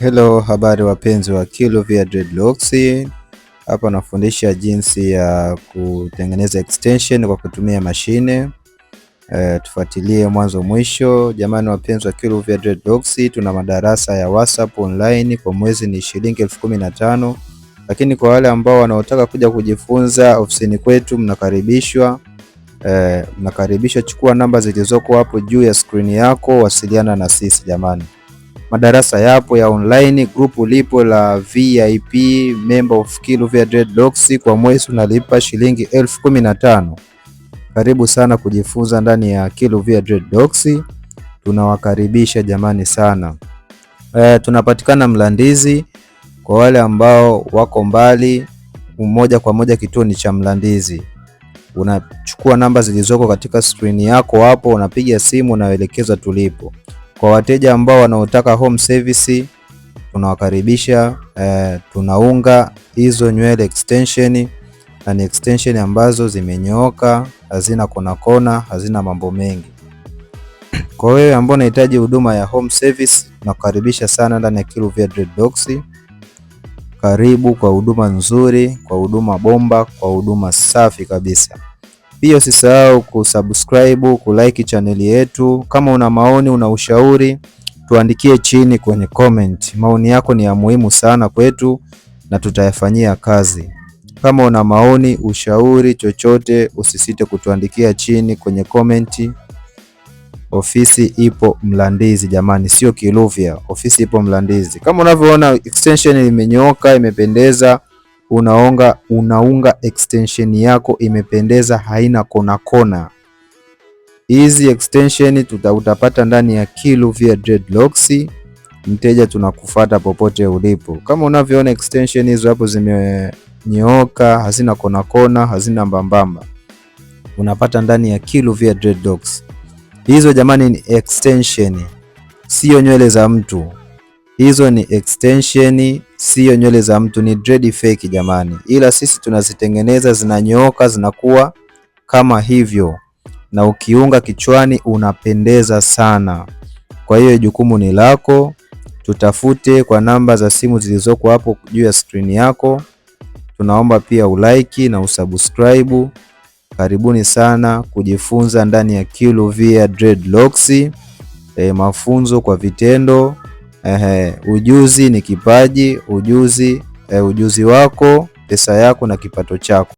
Hello, habari wapenzi wa via Dreadlocks. Hapa nafundisha jinsi ya kutengeneza extension kwa kutumia mashine e, tufuatilie mwanzo mwisho. Jamani wapenzi wa via Dreadlocks, tuna madarasa ya WhatsApp online kwa mwezi ni shilingi elfu kumi na tano, lakini kwa wale ambao wanaotaka kuja kujifunza ofisini kwetu mnakaribishwa. E, mnakaribishwa. Chukua namba zilizoko hapo juu ya skrini yako, wasiliana na sisi jamani. Madarasa yapo ya online, grupu lipo la VIP member of Kiluvia Dreadlocks. Kwa mwezi unalipa shilingi elfu kumi na tano. Karibu sana kujifunza ndani ya Kiluvia Dreadlocks, tunawakaribisha jamani sana. E, tunapatikana Mlandizi kwa wale ambao wako mbali, moja kwa moja kituo ni cha Mlandizi. Unachukua namba zilizoko katika skrini yako hapo, unapiga simu, unaelekezwa tulipo. Kwa wateja ambao wanaotaka home service tunawakaribisha. Eh, tunaunga hizo nywele extension na ni extension ambazo zimenyooka, hazina kona kona, hazina mambo mengi. Kwa wewe ambao unahitaji huduma ya home service, tunakukaribisha sana ndani ya Kiluvia Dread Karibu kwa huduma nzuri, kwa huduma bomba, kwa huduma safi kabisa. Pia usisahau kusubscribe, kulike chaneli yetu. Kama una maoni, una ushauri, tuandikie chini kwenye comment. Maoni yako ni ya muhimu sana kwetu na tutayafanyia kazi. Kama una maoni, ushauri, chochote, usisite kutuandikia chini kwenye comment. Ofisi ipo Mlandizi jamani, sio Kiluvya. Ofisi ipo Mlandizi kama unavyoona, extension imenyooka, imependeza unaonga, unaunga extension yako imependeza, haina kona kona. Hizi extension tuta utapata ndani ya via Dreadlocks. Mteja tunakufata popote ulipo, kama unavyoona extension hizo hapo zimenyooka, hazina kona kona, hazina mbambamba, unapata ndani ya via Dreadlocks. Hizo jamani ni extension, siyo nywele za mtu. Hizo ni extension, siyo nywele za mtu, ni dread fake jamani, ila sisi tunazitengeneza zinanyooka, zinakuwa kama hivyo, na ukiunga kichwani unapendeza sana. Kwa hiyo jukumu ni lako, tutafute kwa namba za simu zilizoko hapo juu ya screen yako. Tunaomba pia ulike na usubscribe. Karibuni sana kujifunza ndani ya Kiluvia Dreadlocks. E, mafunzo kwa vitendo. Ehe, ujuzi ni kipaji, ujuzi e, ujuzi wako, pesa yako na kipato chako.